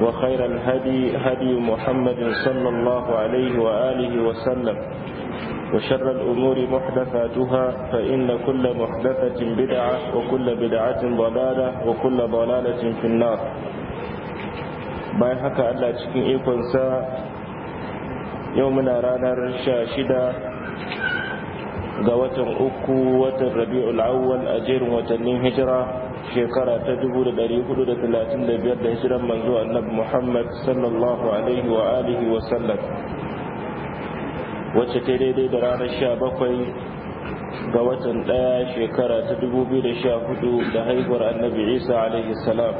وخير الهدي هدي محمد صلى الله عليه وآله وسلم وشر الأمور محدثاتها فإن كل محدثة بدعة وكل بدعة ضلالة وكل ضلالة في النار bayan haka Allah cikin ikonsa yau muna ranar sha shida ga watan uku watan rabi'ul awwal a jerin watannin hijira shekara ta 435 da hijiran manzo annabi Muhammad sallallahu alaihi wa alihi wa sallam wacce ta daidai da ranar 17 ga watan ɗaya shekara ta 2014 da haihuwar annabi Isa alaihi salam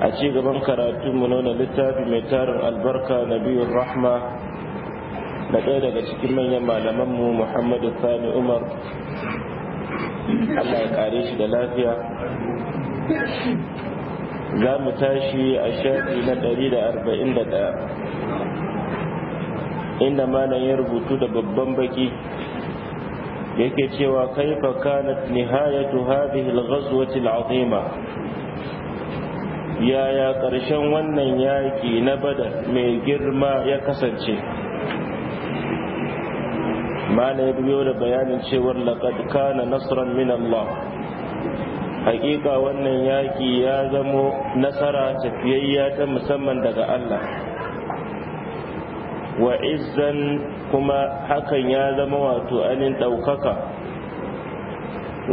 a ci gaban karatu na wani littafi mai tarin albarka na biyun rahma na ɗaya daga cikin manyan malamanmu muhammadu sani umar Allah ya kare shi da lafiya za mu tashi a shafi na 141 inda malam ya rubutu da babban baki yake cewa kaifa kanat nihayatu hadhihi al-ghazwati al-azima yaya ƙarshen wannan yaki na Bada mai girma ya kasance mana ya biyo da bayanin cewar laqad kana nasran min Allah hakika wannan yaki ya zamo nasara tafiyayya ta musamman daga Allah wa izzan kuma hakan ya zama wato anin ɗaukaka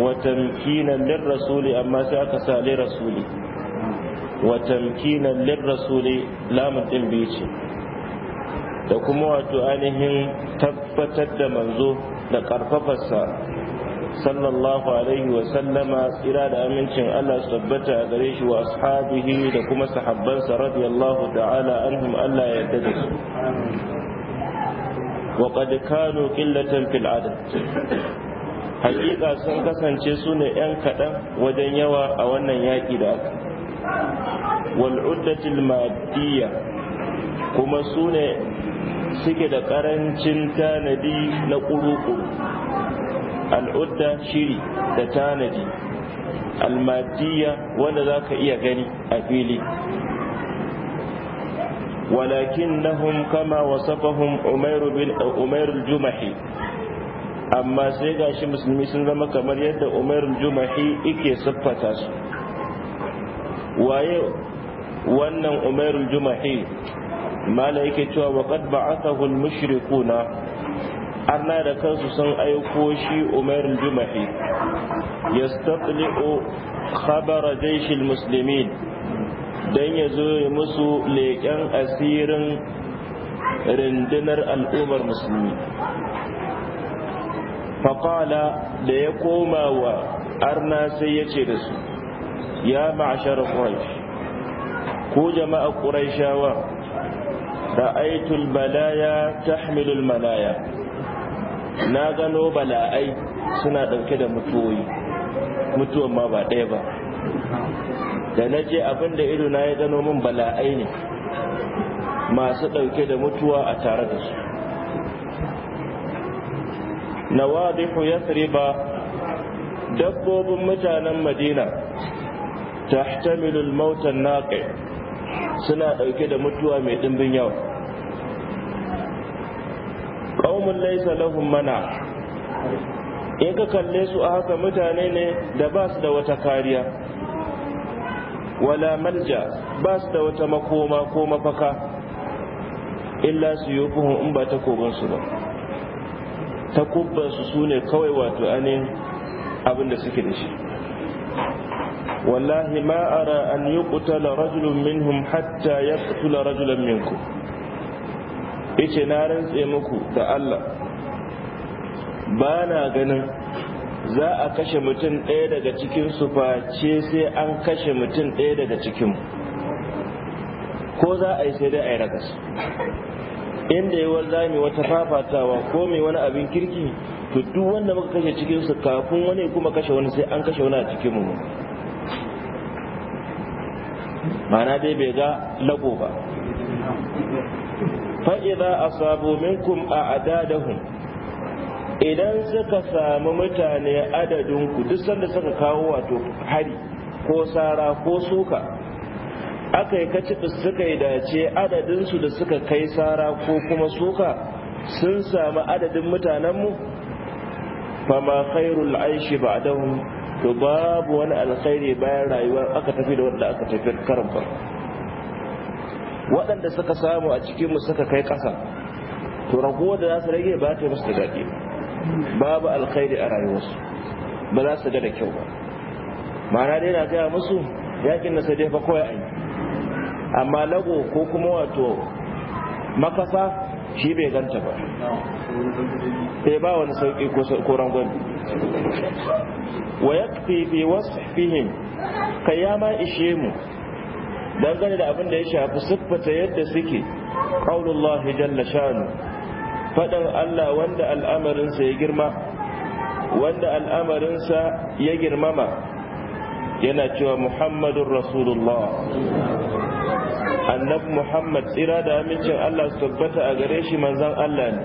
wa tamkinan lir rasuli amma sai aka sa rasuli wa tamkinan lir rasuli lamun ɗin biyu ce da kuma wato ainihin tabbatar da manzo da ƙarfafarsa sallallahu alaihi wa sallama tsira da amincin Allah su tabbata a gare shi wa ashabihi da kuma sahabbansa radiyallahu ta'ala anhum Allah ya yarda da su wa qad kanu qillatan fil adad hakika sun kasance su ne yan kaɗan wajen yawa a wannan yaƙi da aka wal uddatil madiyya kuma su ne suke da ƙarancin tanadi na ƙuruƙuru al'udda shiri da tanadi almatiya wanda za ka iya gani a fili walakin nahum kama wasafahum umarul jumahi amma sai gashi musulmi sun zama kamar yadda umarul jumahi ike siffata su waye wannan umarul jumahi mala yake cewa wa qad ba'athahu al-mushrikuna anna da kansu sun aiko shi Umar al-Jumahi yastaqli'u khabara jaysh al-muslimin dan yazo ya musu leƙen asirin rindunar al'ummar musulmi faƙala da ya koma wa arna sai ya da su ya ma'ashar ƙwaish ko jama'a shawar. ra'aitul balaya tahmilul malaya na gano bala'ai suna ɗauke da mutuwoyi mutuwan ma ba ɗaya ba da na je abin ido na ya gano min bala'ai ne masu ɗauke da mutuwa a tare da su nawadihu yasriba dabbobin mutanen madina tahtamilul mautan naƙi suna ɗauke da mutuwa mai ɗimbin yawa ƙaumin laisa lahum mana in ka kalle su a haka mutane ne da ba su da wata kariya wala malja ba su da wata makoma ko mafaka illa su yi in ba ta kogonsu ba ta kubbansu su ne kawai wato ainihin abin da suke da shi wallahi ma ara an yuqtala rajulun minhum hatta yaqtula rajulun minku. yace na rantse muku da Allah ba na ganin za a kashe mutum ɗaya daga cikin su face sai an kashe mutum ɗaya daga cikin ko za a yi sai dai a yi ragas inda yawar za mu wata fafatawa ko mai wani abin kirki to duk wanda muka kashe cikin su kafin wani kuma kashe wani sai an kashe wani a cikin mu ma'ana dai bai ga lago ba fa'iza asabu minkum a adadahum idan suka samu mutane adadinku duk sanda suka kawo wato hari ko sara ko suka aka yi kaci suka yi dace adadinsu da suka kai sara ko kuma suka sun samu adadin mutanenmu fama khairul aishi ba to babu wani alkhairi bayan rayuwar aka tafi da wanda aka tafi karin farko waɗanda suka samu a cikinmu suka kai ƙasa to rago da za su rage ba ta musu daɗi babu alkhairi a rayuwarsu ba za su ga da kyau ba ma'ana dai na gaya musu yakin na sai dai fa kawai an amma lago ko kuma wato makasa shi bai ganta ba sai eh, ba wani sauƙi ko rangon wa yakfi bi wasfihim kai ya ishe mu dangane da abin da ya shafi siffata yadda suke qaulullahi jalla shanu fadar Allah wanda al'amarinsa ya girma wanda al'amarinsa ya girmama yana cewa muhammadun rasulullah annabi muhammad tsira da amincin Allah su tabbata a gare shi manzan Allah ne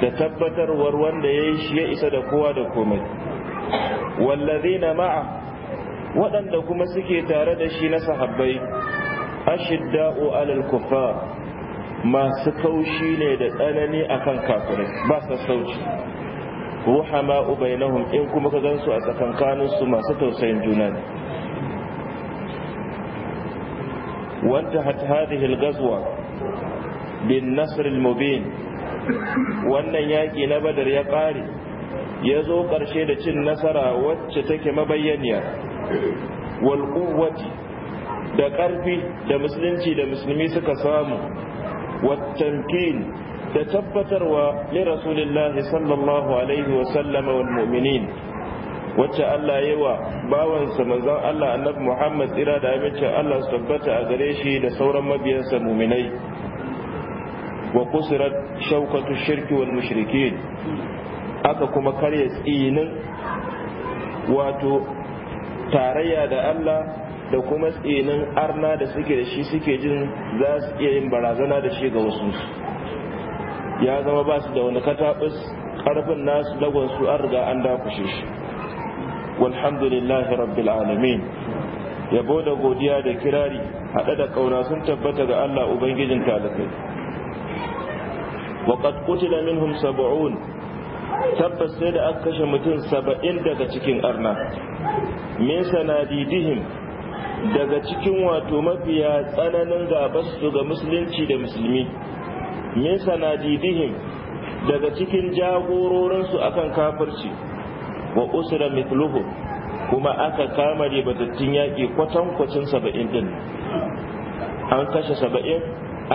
da tabbatarwar wanda ya yi shi ya isa da kowa da komai na ma'a waɗanda kuma suke tare da shi na sahabbai ashidda'u alal kuffar masu kaushi ne da tsanani akan kafirai ba sassauci ruhama ubainahum in kuma ka gansu a tsakankanin su masu tausayin juna ne wanta hadhihi al-ghazwa bin nasr al-mubin wannan yaƙi na badar ya ƙare ya zo ƙarshe da cin nasara wacce take mabayyaniya wal da ƙarfi da musulunci da musulmi suka samu wattankin da tabbatarwa li rasulullahi sallallahu alaihi wa sallama wal mu'minin wacce Allah yi wa bawansa manzon Allah annabi Muhammad tsira da amincin Allah su tabbata a gare shi da sauran mabiyansa muminai wa kusurat shaukatu shirki mushrikin aka kuma karya tsinin wato tarayya da Allah da kuma tsinin arna da suke da shi suke jin za su iya yin barazana da shi ga wasu ya zama ba su da wani katabus karfin nasu lagonsu an riga an dakushe shi walhamdulillahi rabbil alamin yabo da godiya da kirari haɗe da ƙauna sun tabbata ga Allah ubangijin talakai وقد قتل منهم 70 tabbas sai da aka kashe mutum saba'in daga cikin arna min sanadidihim daga cikin wato mafiya tsananin su ga musulunci da musulmi min sanadidihim daga cikin su akan kafirci wa usra mithluhu kuma aka kama da batattun yaƙi kwatankwacin saba'in din an kashe saba'in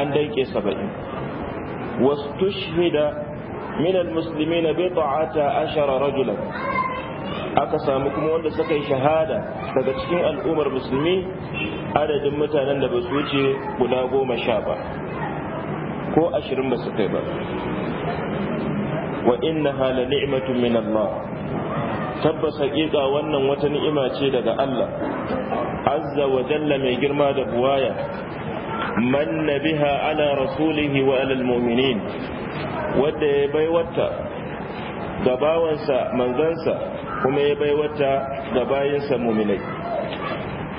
an danke saba'in واستشهد من المسلمين بضعة عشر رجلا aka samu kuma wanda suka yi shahada daga cikin al'ummar musulmi adadin mutanen da ba su wuce guda goma sha ba ko ashirin ba su kai ba wa inna hala ni'matun min Allah tabbas haƙiƙa wannan wata ni'ima ce daga Allah azza wa jalla mai girma da buwaya من بها على رسوله وعلى المؤمنين wadda ya wata ga bawansa manzansa kuma ya baiwata ga bayansa muminai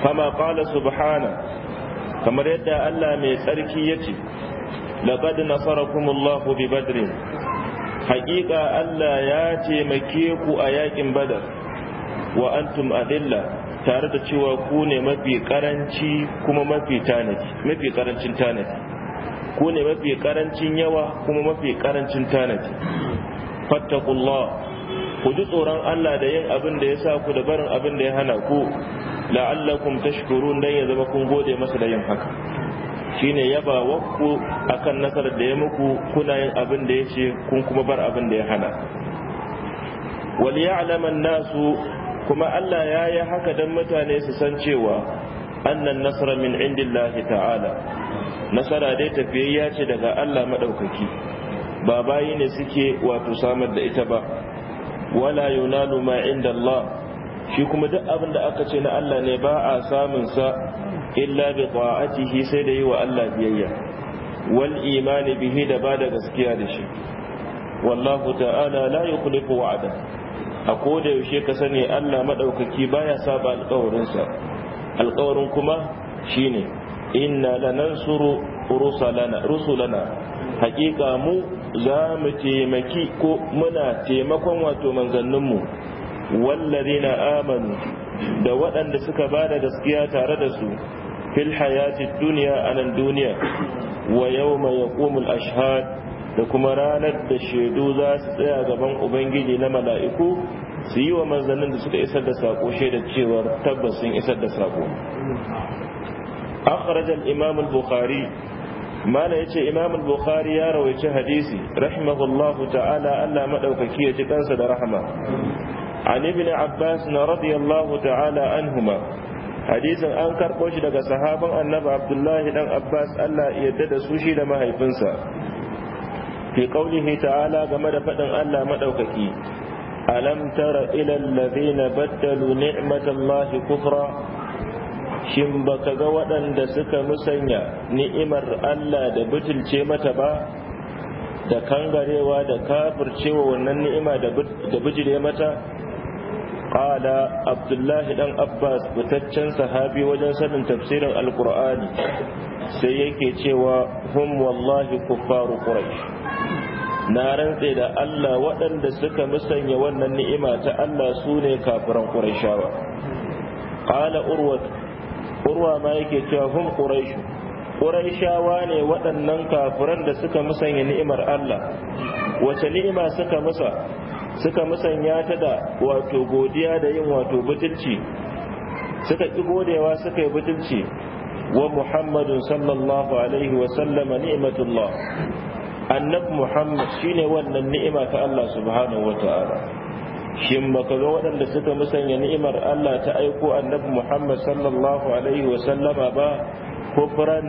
kama qala subhana kamar yadda Allah mai tsarki ya ce laqad nasarakumullahu bi badrin haqiqa Allah ya taimake ku a yakin badar wa antum adilla tare da cewa ku ne mafi karanci kuma mafi tanadi mafi karancin tanadi ku ne mafi karancin yawa kuma mafi karancin tanadi fattakullah ku ji tsoron Allah da yin abin da ya sa ku da barin abin da ya hana ku la'allakum tashkurun dan ya zama kun gode masa da yin haka shine yaba wakku akan nasarar da ya muku kuna yin abin da ya ce kun kuma bar abin da ya hana wal an nasu kuma Allah ya yi haka don mutane su san cewa annan nasara min indillahi ta'ala nasara dai tafiyayya ce daga Allah maɗaukaki ba bayi ne suke wato samar da ita ba wala yunalu ma inda Allah shi kuma duk abin da aka ce na Allah ne ba a samun sa illa bi ta'atihi sai da yi wa Allah biyayya wal imani bihi da ba da gaskiya da shi wallahu ta'ala la yukhlifu wa'ada a koda yaushe ka sani Allah madaukaki baya saba alƙawarinsa alƙawarin kuma shine inna lanansuru rusulana rusulana hakika mu za mu taimaki ko muna taimakon wato manzanninmu na amanu da waɗanda suka ba da gaskiya tare da su fil hayati duniya anan nan duniya wa yawma yaqumul ashhad da kuma ranar da shaidu za su tsaya gaban ubangiji na mala'iku su yi wa manzannin da suka isar da saƙo shaida cewar tabbas sun isar da saƙo akhrajal imam al-bukhari mala yace imam al-bukhari ya rawaici hadisi rahimahullahu ta'ala Allah madaukaki ya ji kansa da rahama an ibn abbas na radiyallahu ta'ala anhuma hadisin an karɓo shi daga sahaban annabi abdullahi dan abbas Allah ya yarda da su shi da mahaifinsa fi qaulihi ta'ala game da faɗin Allah madaukaki alam tara ila alladhina baddalu ni'matallahi kufra shin baka ga waɗanda suka musanya ni'imar Allah da butulce mata ba da kangarewa da kafircewa wannan ni'ima da bijire mata qala abdullahi dan abbas fitaccen sahabi wajen sanin tafsirin alqur'ani sai yake cewa hum wallahi kuffaru quraish na rantse da Allah waɗanda suka musanya wannan ni'ima ta Allah su ne kafiran qurayshawa qala urwa urwa ma yake cewa hum quraish qurayshawa ne waɗannan kafiran da suka musanya ni'imar Allah wace ni'ima suka musa suka musanya ta da wato godiya da yin wato butulci suka ki godewa suka yi butulci ومحمد صلى الله عليه وسلم نعمة الله annabi muhammad shine wannan ni'ima ta Allah subhanahu wataala shin baka ga waɗanda suka musanya ni'imar Allah ta aiko annabi muhammad sallallahu alaihi wa sallama ba kufran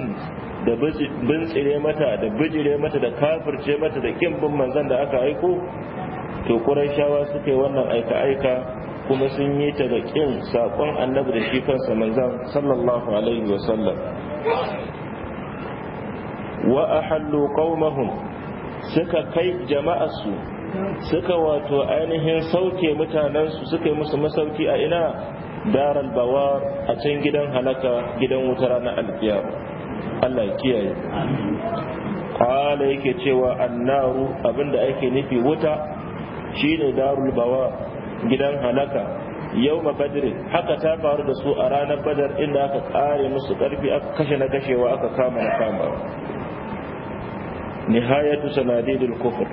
da bintsire mata da bijire mata da kafirce mata da kin bin manzon da aka aiko to qurayshawa suke wannan aika aika kuma sun yi ta da ƙin saƙon annabi da shi kansa manzan sallallahu alaihi wa sallam wa ahallu qaumahum suka kai jama'arsu suka wato ainihin sauke mutanensu suka yi musu masauki a ina daral bawar a can gidan halaka gidan wuta na alkiyama Allah kiyaye kala yake cewa annaru abinda ake nufi wuta shine darul bawar gidan halaka yau badri haka ta faru da su a ranar badar inda aka kare musu karfi aka kashe na kashewa aka kama na kama nihayatu sanadidul kufur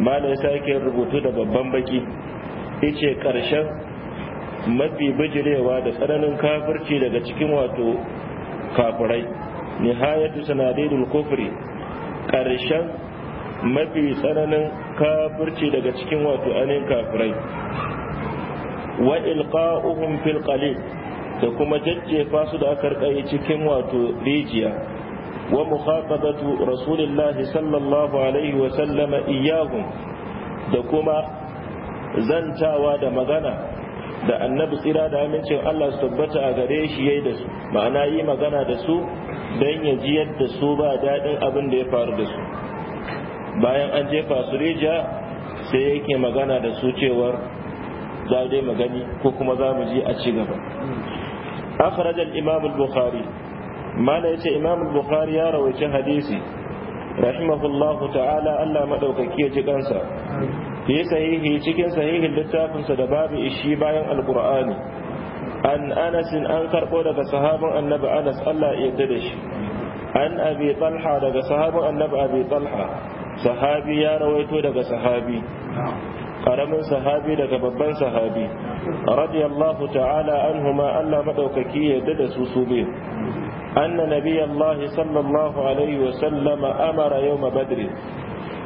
malai sake rubutu da babban baki yace karshen mafi bijirewa da tsananin kafirci daga cikin wato kafirai nihayatu sanadidul kufri karshen mafi tsananin kafirci daga cikin wato anin kafirai wa ilqa'uhum fil qalil da kuma jajjefa su da aka rkai cikin wato rijiya wa mukhatabatu rasulillahi sallallahu alaihi wa sallama iyyahum da kuma zantawa da magana da annabi tsira da amincin Allah su tabbata a gare shi yayi da su ma'ana yi magana da su don ya ji yadda su ba daɗin abin da ya faru da su bayan an jefa su rijiya sai yake magana da su cewar za dai magani ko kuma za mu ji a ci gaba akhraj al-imam al-bukhari mala yace imam al-bukhari ya rawaice hadisi rahimahullahu ta'ala Allah madaukaki ya ji kansa fi sahihi cikin sahihin littafinsa da babu ishi bayan alqur'ani an anas an karbo daga sahabin annabi anas Allah ya yarda da shi an abi talha daga sahabin annabi abi talha sahabi ya rawaito daga sahabi karamin sahabi daga babban sahabi radiyallahu ta'ala anhuma Allah madaukaki ya da su su biyu anna nabiyallahi sallallahu alaihi wa sallama amara yawma badri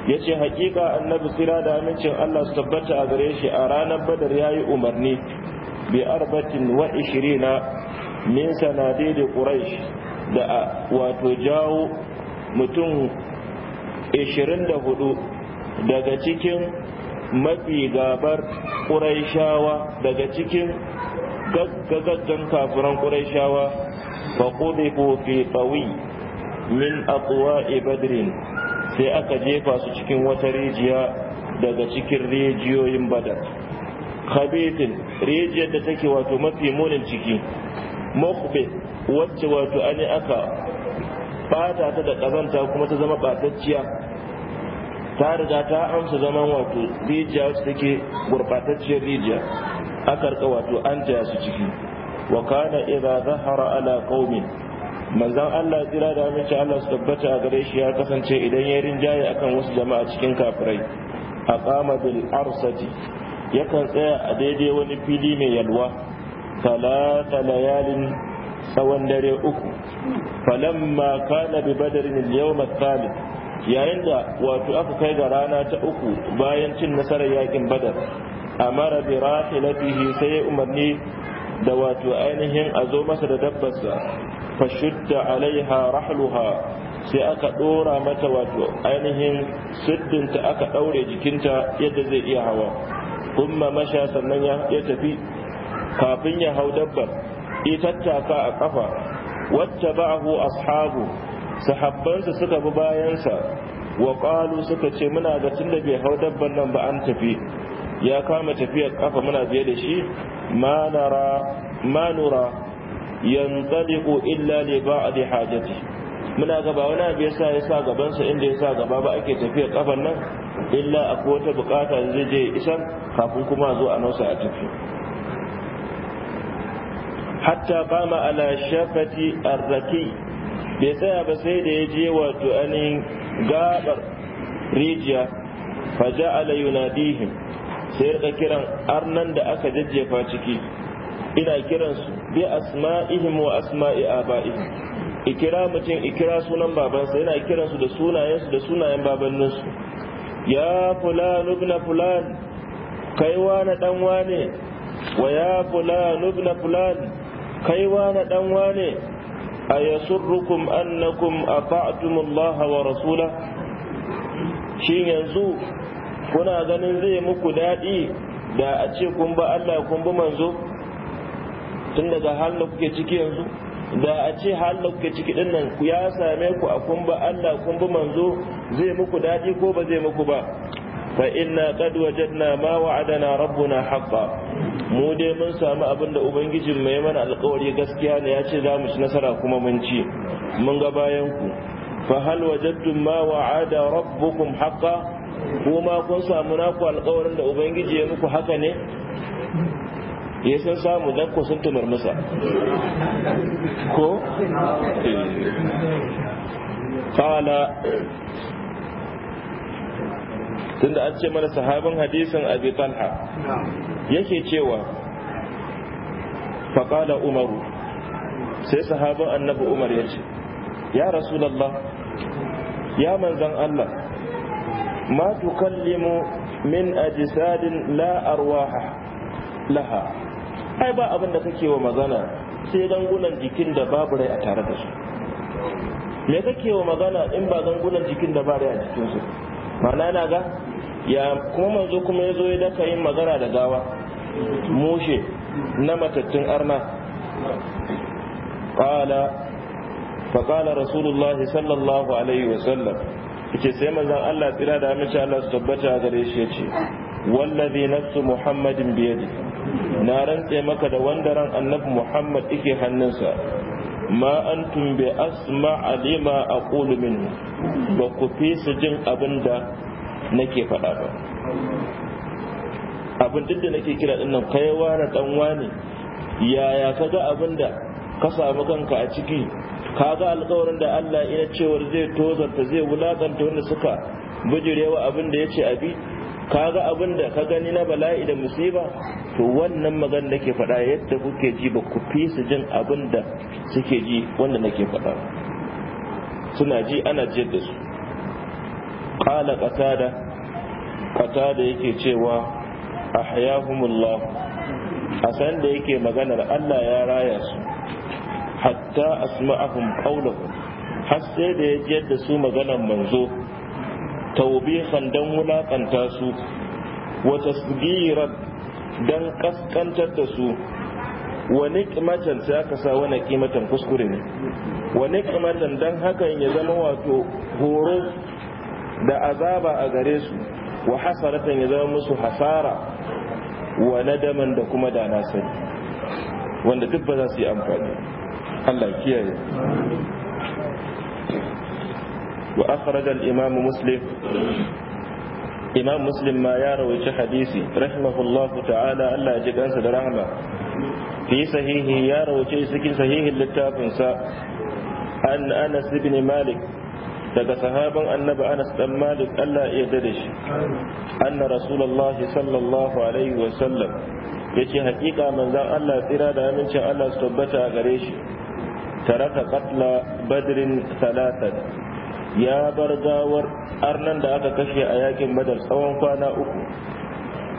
yace hakika annabi sira da amincin Allah su tabbata a gare shi a ranar badar yayi umarni bi arbatin wa ishirina min quraish da wato jawo mutum 24 daga cikin mafi gabar ƙuraishawa daga cikin gaggaggan kafiran ƙuraishawa fa qudifu fi tsawi min atwa'i badrin sai aka jefa su cikin wata rijiya daga cikin rijiyoyin badar khabitin rijiyar da take wato mafi munin ciki mukbit wacce wato ani aka bata ta da kazanta kuma ta zama batacciya ta riga ta amsa zaman wato rijiya wacce take gurbatacciyar rijiya a rika wato an jaya su ciki wa kana idza zahara ala qaumin manzon Allah jira da amince Allah su tabbata a gare shi ya kasance idan ya rinjaye akan wasu jama'a cikin kafirai aqama bil arsati yakan tsaya a daidai wani fili mai yalwa talata layalin tsawon dare uku falamma kana bi badarin al-yawm yayin da wato aka kai ga rana ta uku bayan cin nasarar yakin badar amara bi rahilatihi sai umarni da wato ainihin a zo masa da dabbarsa fa shudda alaiha rahluha sai aka dora mata wato ainihin siddinta aka daure jikinta yadda zai iya hawa kuma masha sannan ya tafi kafin ya hau dabbar tattaka a kafa wacce hu ashabu sahabbansa suka bi bayansa wa qalu suka ce muna ga da bai hau dabban nan ba an tafi ya kama tafiyar kafa muna biye da shi ma nara illa ne ba a da ba'd muna ga wani abu yasa yasa gaban sa inda ya sa gaba ba ake tafiyar kafan nan illa akwai wata bukata zai je isan kafin kuma zo a nausa a tafi hatta kama ala shafati raki. bai tsaya ba sai da ya je wato anin gabar rijiya fa ja'ala yunadihim sai ya kiran arnan da aka jajjefa ciki ina kiran su. bi asma'ihim wa asma'i aba'ihim ikira mutum ikira sunan babansa yana su da su da sunayen su ya fulan ibn fulan kai wani dan wane wa ya fulan ibn fulan kai na dan wane a yasurrukum annakum ata'tumullaha wa rasula shin yanzu kuna ganin zai muku daɗi da a ce kun ba Allah kun bi manzo tun daga halin kuke ciki yanzu da a ce halin kuke ciki din nan ya same ku a kun ba Allah kun bi manzo zai muku daɗi ko ba zai muku ba فإنا قد وجدنا ما وعدنا ربنا حقا mu dai mun samu abinda da ubangijin mai mana alkawari gaskiya ne ya ce za mu ci nasara kuma mun ci mun ga bayan ku fa hal wajadtum ma wa'ada rabbukum haqqan kuma kun samu naku alkawarin da ubangiji ya muku haka ne ya san samu dan ku sun tumar masa ko qala tunda an ce mana sahabin hadisin abi talha yake cewa faƙala umaru sai sahabin annabi umar ya ce ya rasulallah ya manzan allah ma tukallimu min ajisadin la arwaha laha ai ba abin da kake wa magana sai dangunan jikin da babu rai a tare da su me kake wa magana in ba dangunan jikin da ba rai a jikinsu ma'ana na ga ya kuma manzo kuma ya zo ya daka yin magana da gawa mushe na matattun arna ƙala faƙala rasulullah sallallahu alaihi wasallam ke sai mazan allah tsira da amince allah su tabbata a gare shi ya ce wallazi nafsu muhammadin biyadi na rantse maka da wanda ran annabi muhammad ike hannunsa ma an bi asma alima aqulu minhu ba ku fi su jin abin da nake faɗa ba abin duk da nake kira ɗin nan kai ware ɗan wane yaya ka ga abin ka samu kanka a ciki ka ga alkawarin da Allah ina cewar zai tozarta zai wulakanta wanda suka bijirewa abin da ya ce abi ka ga abin ka gani na bala'i da musiba to wannan magana nake faɗa yadda kuke ji ba ku fi su jin abin da suke ji wanda nake faɗa suna ji ana jiyar da su Ƙala ƙasada yake cewa ahyahumullah a san da yake maganar Allah ya raya su hatta asma'ahum qawluhum har sai da ya ji yadda su maganar manzo tawbihan dan wulakanta su wa tasgiran dan kaskantar da su wa niqmatan sai aka sa wani kimatan kuskure ne wa niqmatan dan hakan ya zama wato horo da azaba a gare su wa hasaratan ya zama musu hasara wa nadaman da kuma da na sani wanda duk ba za su yi amfani Allah kiyaye wa akhraj imam muslim imam muslim ma ya rawaici hadisi rahimahullahu ta'ala Allah ya ji kansa da rahma fi sahihi ya rawaice cikin sahihin littafinsa an anas ibn malik daga sahaban annabi anas dan malik allah ya yarda shi anna rasulullah sallallahu alaihi wa sallam yace hakika manzon allah tsira da amincin allah su tabbata a gare shi taraka qatla badrin salatan ya bar gawar arnan da aka kashe a yakin badar tsawon kwana uku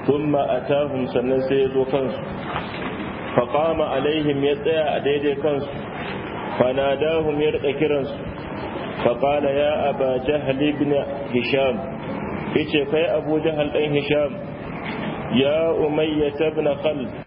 thumma atahum sannan sai ya zo kansu faqama alaihim ya tsaya a daidai kansu fanadahum ya rika kiransu فقال يا أبا جهل بن هشام إيش كي أبو جهل بن هشام يا أمية بن خلف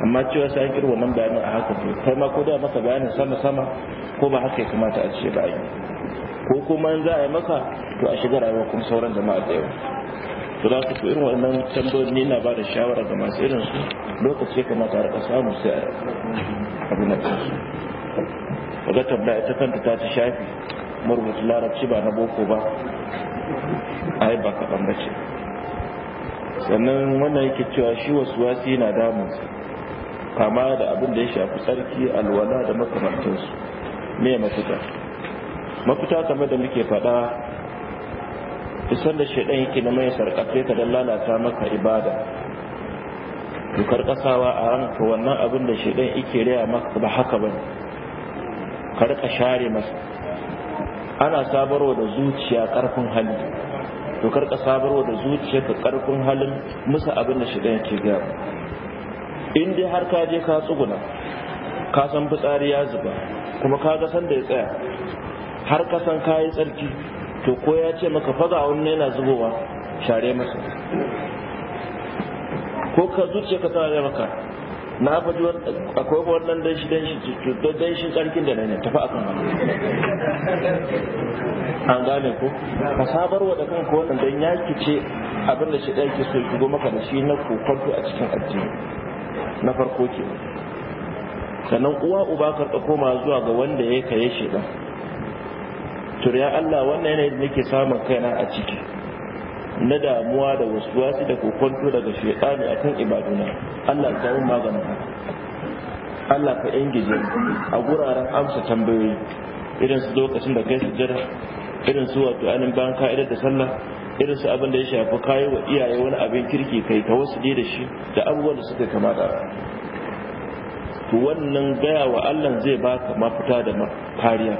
amma cewa sai an kirwa nan bayanin a haka to kai ma ko da masa bayanin sama sama ko ba haka ya kamata a ce ba a yi ko kuma in za a yi maka to a shiga rayuwar kuma sauran jama'a da yawa to za ku irin wannan tambayoyin ni na ba da shawara ga masu irin su lokaci ya kamata a rika samu sai a na da kansu wadda tambaya ita kanta ta ci shafi marubutu larabci ba na boko ba ai ba kaɗan ba ce sannan wannan yake cewa shi wasu wasi na damunsa kama da abin da ya shafi tsarki alwala da makamantansu me mafita mafita kamar da muke fada isar da shaidan yake na mai sarkafe ka don lalata maka ibada dukar ƙasawa a ranka wannan abin da shaidan yake raya maka ba haka ba karka share masa ana sabarwa da zuciya ƙarfin hali dukar ƙasabarwa da zuciya ka ƙarfin halin musa abin da shaidan yake gaba in dai har ka je ka tsuguna ka san fitsari ya zuba kuma ka ga san da ya tsaya har ka san ka yi tsarki to ko ya ce maka faza wani yana zubowa share masa ko ka zuce ka tana da maka na faɗi akwai wannan dan shi dan shi dan shi tsarkin da nan tafi akan haka an gane ko ka sabar wa da kanka wannan dan yaki ce abin da shi dan ke so ki go maka da shi na kokonto a cikin addini na farko ke sannan uwa uba karɓa koma zuwa ga wanda ya kaye shi ɗan turiya Allah wannan yanayi da nake samun kaina a ciki na damuwa da wasu wasu da kokonto daga shekani a kan ibaduna Allah ka yi maganin Allah ka ingije a guraren amsa tambayoyi irin su lokacin da kai su jira irin su wato ainihin bayan ka'idar da sallah irin su abin da ya shafi kayi wa iyaye wani abin kirki kai ta wasu da shi da abubuwan da suka kamata wannan gaya wa Allah zai baka mafita da kariya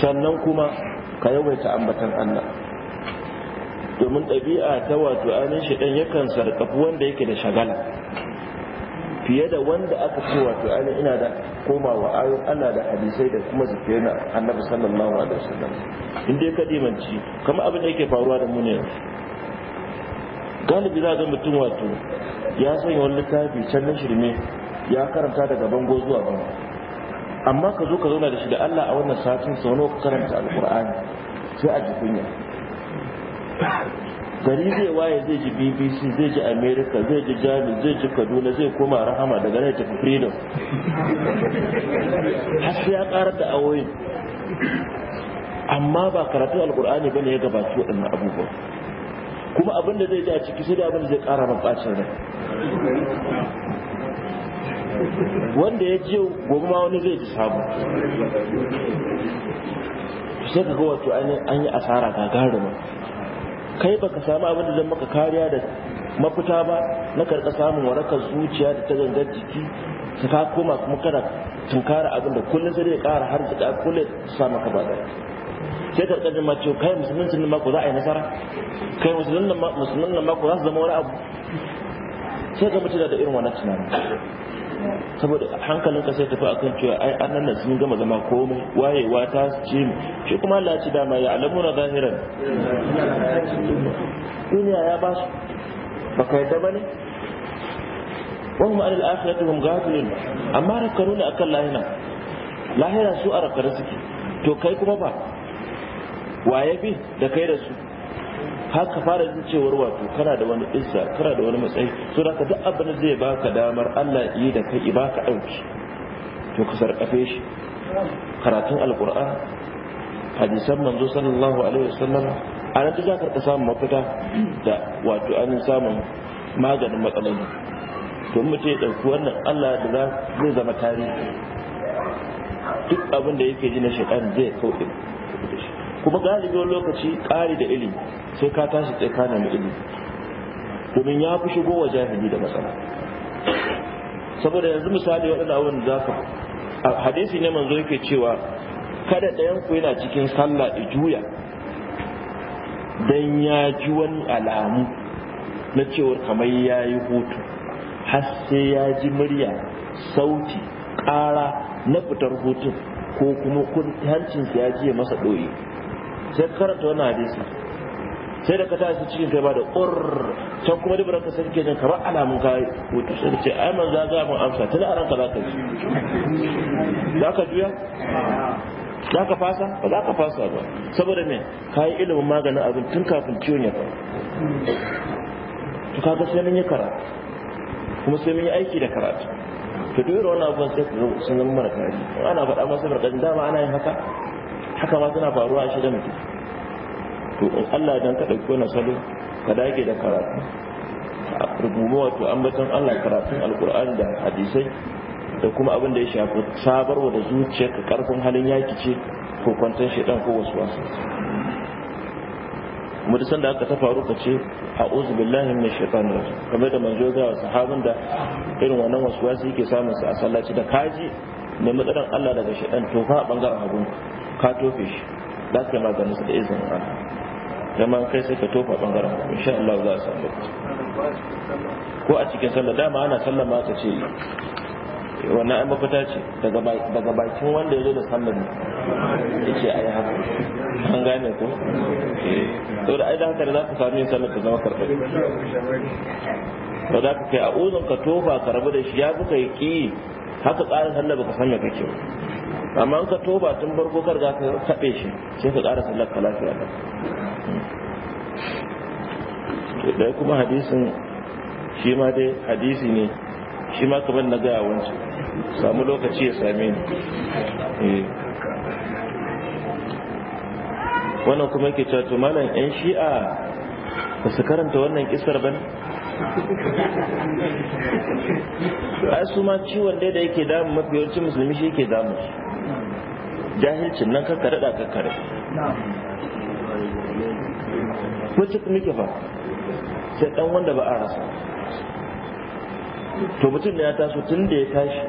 sannan kuma ka yawaita ambatan Allah domin ɗabi'a ta wato ainihin shi ɗan yakan sarƙafi wanda yake da shagala fiye da wanda aka ce wato ana ina da koma wa ana da hadisai da kuma zikirai na annabi sallallahu alaihi wasallam in dai ka dimanci kamar abin da yake faruwa da mu ne galibi za ga mutum wato ya sanya wani littafi can na shirme ya karanta daga bango zuwa bango amma ka zo ka zauna da shi da Allah a wannan satin sau nawa ka karanta alqur'ani sai a jikunya gari zai waye zai ji bbc zai ji america zai ji jami zai ji kaduna zai koma rahama daga nan tafi freedom har sai ya karar da awoyin amma ba karatun alkur'ani bane ya gabaci waɗannan abubuwan kuma abin da zai ji a ciki sai da abin da zai kara man ɓacin rai wanda ya je gobe ma wani zai ji samu sai ka ga wato an yi asara gagaruma kai baka samu abin da zan maka kariya da mafita ba na karka samun warakar zuciya da ta gangar jiki su ka koma kuma kana tunkara abin da kullum sai dai kara har da kullum sa maka ba da sai karka jima mace kai musulmin sun mako za a yi nasara kai musulmin nan mako za su zama wani abu sai ka mutu da irin wannan tunanin saboda hankalinka sai tafi akan cewa ai annan nan sun gama zama komai wayewa ta ce shi kuma Allah ci dama ya alamuna zahiran duniya ya ba su baka yadda bane wa hum anil akhirati hum ghafilun amma rakaru ne akan lahira lahira su a rakaru suke to kai kuma ba waye bi da kai da su haka fara yin cewar wato kana da wani isa kana da wani matsayi so da ka duk abin da zai baka damar Allah yi da kai baka dauki ɗauki to ka sarkafe shi karatun alquran hadisan manzo sallallahu alaihi wasallam a nan za ka samun mafita da wato an samun maganin matsaloli to mu ce dauki wannan Allah da zai zama tarihi duk abin da yake ji na shaiɗan zai kauɗe kuma galibi wani lokaci ƙari da ilimi sai ka tashi sai ka nemi ilimi domin ya fi shigo wa jahili da matsala saboda yanzu misali waɗanda abin da za hadisi ne manzo yake cewa kada ɗayan ku yana cikin sallah i juya dan ya ji wani alamu na cewar kamar ya yi hutu har sai ya ji murya sauti ƙara na fitar hutun ko kuma hancinsa ya ji masa ɗoyi sai karanta wannan hadisi sai da ka tashi cikin kai ba da ƙurr can kuma duk ranka sai kake kamar alamun ka wuce sai ce ai manzo ga mun amsa tun a ranka zaka ji za ka juya za ka fasa ba za ka fasa ba saboda me ka yi ilimin maganin abin tun kafin ciwon ya faru to ga sai mun yi karatu kuma sai mun yi aiki da karatu to dole wannan abubuwan sai sun zama mara kari ana faɗa masa barkatun dama ana yin haka haka ma suna faruwa a shida mutum to in Allah dan ka dauki na salo ka dage da karatu a rubuwa wato ambaton Allah karatun alqur'ani da hadisai da kuma abin da ya shafi sabarwa da zuciya ka karfin halin yaki ce ko kwantar shaidan ko wasu wasu kuma duk da aka ta faru ka ce a'udhu billahi minash shaitanir rajim kamar da manzo ga sahabin da irin wannan wasu wasu yake samun su a sallaci da kaji ne matsalan Allah daga shaidan to fa bangaren hagun ka tofe shi za ka yi maganin su da izinin Allah zama kai sai ka tofa bangaren sha Allah za a samu lokaci ko a cikin sallah dama ana sallah ma ka ce wannan an mafita ce daga bakin wanda ya zo da ne ya ce a yi haka an gane ko to eh. da ai da haka da za ka samu yin sallah ta zama karɓar ba za ka kai a uzun ka tofa ka rabu da shi ya buka kai ki haka tsarin sallar baka san me kake ba amma in ka toba tun farko kar za ka kaɓe shi sai ka ƙara sallar ka lafiya ba ɗaya kuma hadisin shi ma dai hadisi ne shi ma kamar na gaya wancan samu lokaci ya same ni eh. wannan kuma ke cewa to malam yan shi'a ba su karanta wannan kisar ba ne ai su ma ciwon da yake damu mafi yawancin musulmi shi yake damu shi jahilcin nan ka daɗa ko ce kuma ke fa sai dan wanda ba a rasa to mutum ne ya taso tun da ya tashi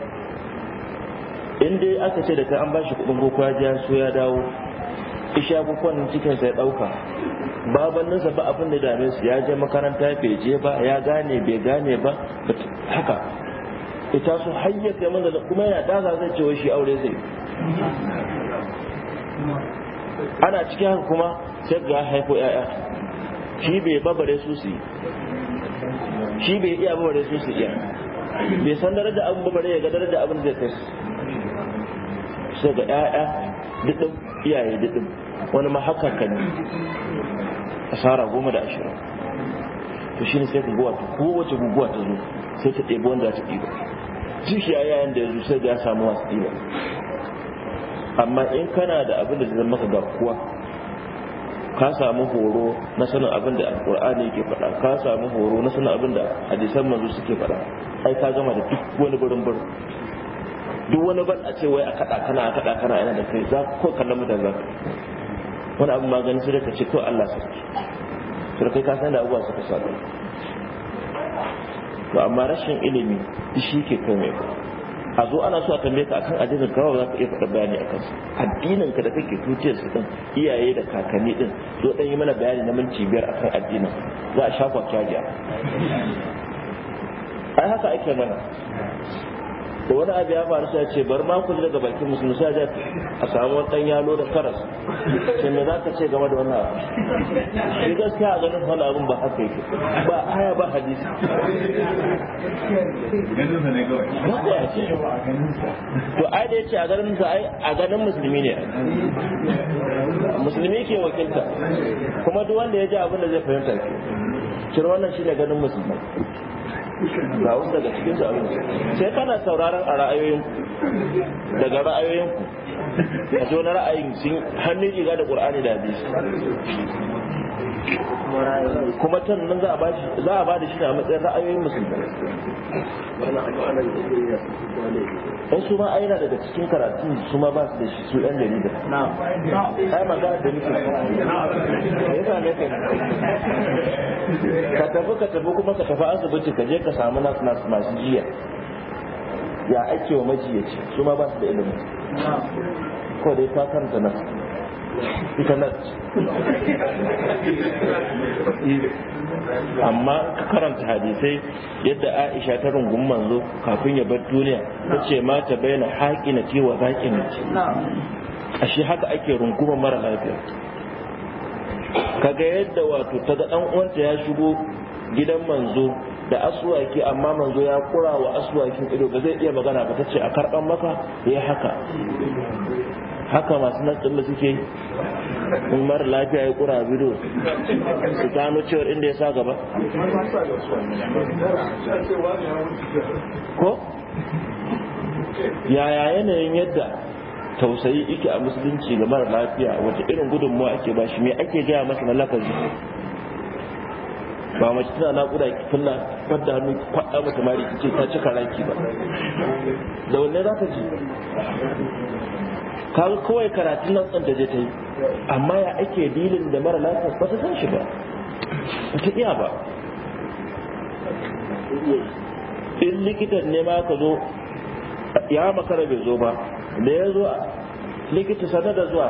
inda aka ce da kai an bashi kuɗin ko kwaji ya so ya dawo isha bukwan cikin sai ɗauka nasa ba abin da dame su ya je makaranta bai je ba ya gane bai gane ba haka ita su hayyar da manzala kuma yana za zai ce wai shi aure zai ana cikin haka kuma sai ga haifo yaya shi bai babare su su shi bai iya babare su su iya bai san daraja abin babare ya ga daraja abin zai kai sai ga yaya dudin iyaye dudin wani ma haka kan asara goma da ashirin to shi ne sai guguwa ta kowace guguwa ta zo sai ta ɗebi wanda ta ɗiba duk yayayen da ya zo sai da ya samu wasu ɗiba amma in kana da abin da zai maka garkuwa ka samu horo na sanin abin da alkur'ani ke faɗa ka samu horo na sanin abin da hadisan manzo suke faɗa ai ka gama da duk wani burin burin duk wani ban a ce wai a kaɗa kana a kaɗa kana yana da kai za ko kallon mutan za wani abin magani sai ka ce ko Allah sarki sai kai ka san da abubuwa suka sa to amma rashin ilimi shi ke kai mai a zo ana so a tambaye ka akan addinin ka ba za ka iya faɗa bayani akan su addinin ka da kake tutiyar su din iyaye da kakanni din zo dan yi mana bayani na minti biyar akan addinin za a shafa caji ai haka ake mana wani abu ya faru sai ce bar ma kullu daga bakin musulmi sai ya a samu wani dan yalo da karas sai me zaka ce game da wannan abu ni gaskiya a ganin wannan abun ba haka yake ba aya ba hadisi to ai da yace a ganin sa ai a ganin musulmi ne musulmi ke wakilta kuma duk wanda ya ji abin da zai fahimta ke cire wannan shine ganin musulmi ga wasu daga cikin su abin sai kana sauraron a ra'ayoyin daga ra'ayoyin ku a zo na ra'ayin sun hannun riga da ƙur'ani da hadisi kuma can nan za a ba za a ba da shi a matsayin ra'ayoyin musulmi in su ma aina daga cikin karatu su ma ba su da shi su yan jarida ai magana da nake me yasa ne ka ka tafi ka tafi kuma ka tafi asibiti ka je ka samu nas nas masu jiya ya ake wa majiyaci su ma ba su da ilimi ko dai ta kanta nasu internet amma ka karanta hadisai yadda aisha ta rungun manzo kafin ya bar duniya ta ce ma ta bayyana haƙi na ce zaƙi na ce ashe haka ake runguma mara lafiya kaga yadda wato ta ga uwanta ya shigo gidan manzo da asuwaki amma manzo ya kura wa asuwakin ido ba zai iya magana ba ta ce a karɓar maka ya haka haka masu nan suke yi mara lafiya ya kura bido su gano cewar inda ya sa gaba ko yaya yanayin yadda tausayi ike a musulunci ga mara lafiya wata irin gudunmuwa ake ba shi mai ake gaya masa na lafazi ba mace tana naƙuda ki tunna wadda hannu kwaɗa mata mari ki ce ta cika raki ba da wanne za ka ji kaga kawai karatun nan tsanta je ta yi amma ya ake dilin da mara lafiya ba ta san shi ba ta iya ba in likitan ne ma ka zo ya makara bai zo ba da ya zo likita sana da zuwa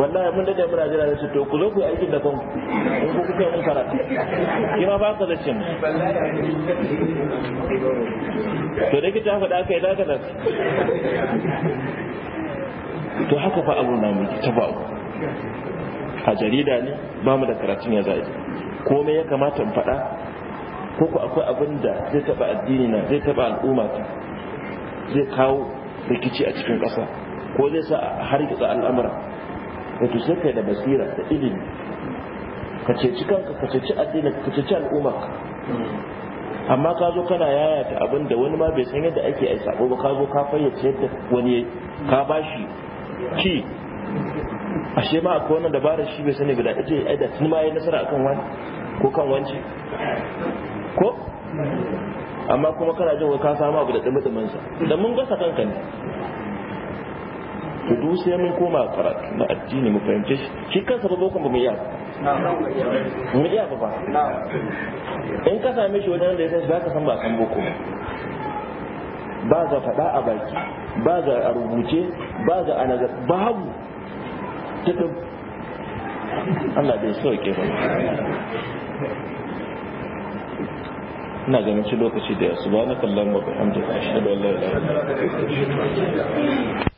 wallahi mun dade muna jira da su to ku zo ku yi aikin da kanku in ku kuka mun fara, kima ba ka da cin to likita ya faɗa kai daga nan to haka fa abu na ta ba'u a jarida ne ba mu da karatun ya zai komai ya kamata in faɗa ko ku akwai abin da zai taɓa addini na zai taɓa al'umma ta zai kawo rikici a cikin ƙasa ko zai sa a hargitsa al'amura wato sai kai da basira da ilimi ka ceci kanka ka ceci addini ka ceci al'umma amma ka zo kana yayata abin da wani ma bai san yadda ake aisa sabo ba ka zo ka fayyace yadda wani ka bashi ki ashe ma akwai wannan dabarar shi bai sani guda ita ce ai da tun ma yi nasara akan wani ko kan wance ko amma kuma kana jin ka samu abu da dumi sa da mun gasa kanka ne to duk sai mun koma karatu na addini mu fahimce shi shi kansa ba bokon ba mu iya mu iya ba ba in ka same shi wajen da ya san za ka san ba san boko ba za faɗa a baki ba za a rubuce ba za a nazar ta ɗin Allah bai ke ba ina ganin shi lokaci da ya subhanakallahumma na bihamdika ashhadu an la ilaha illa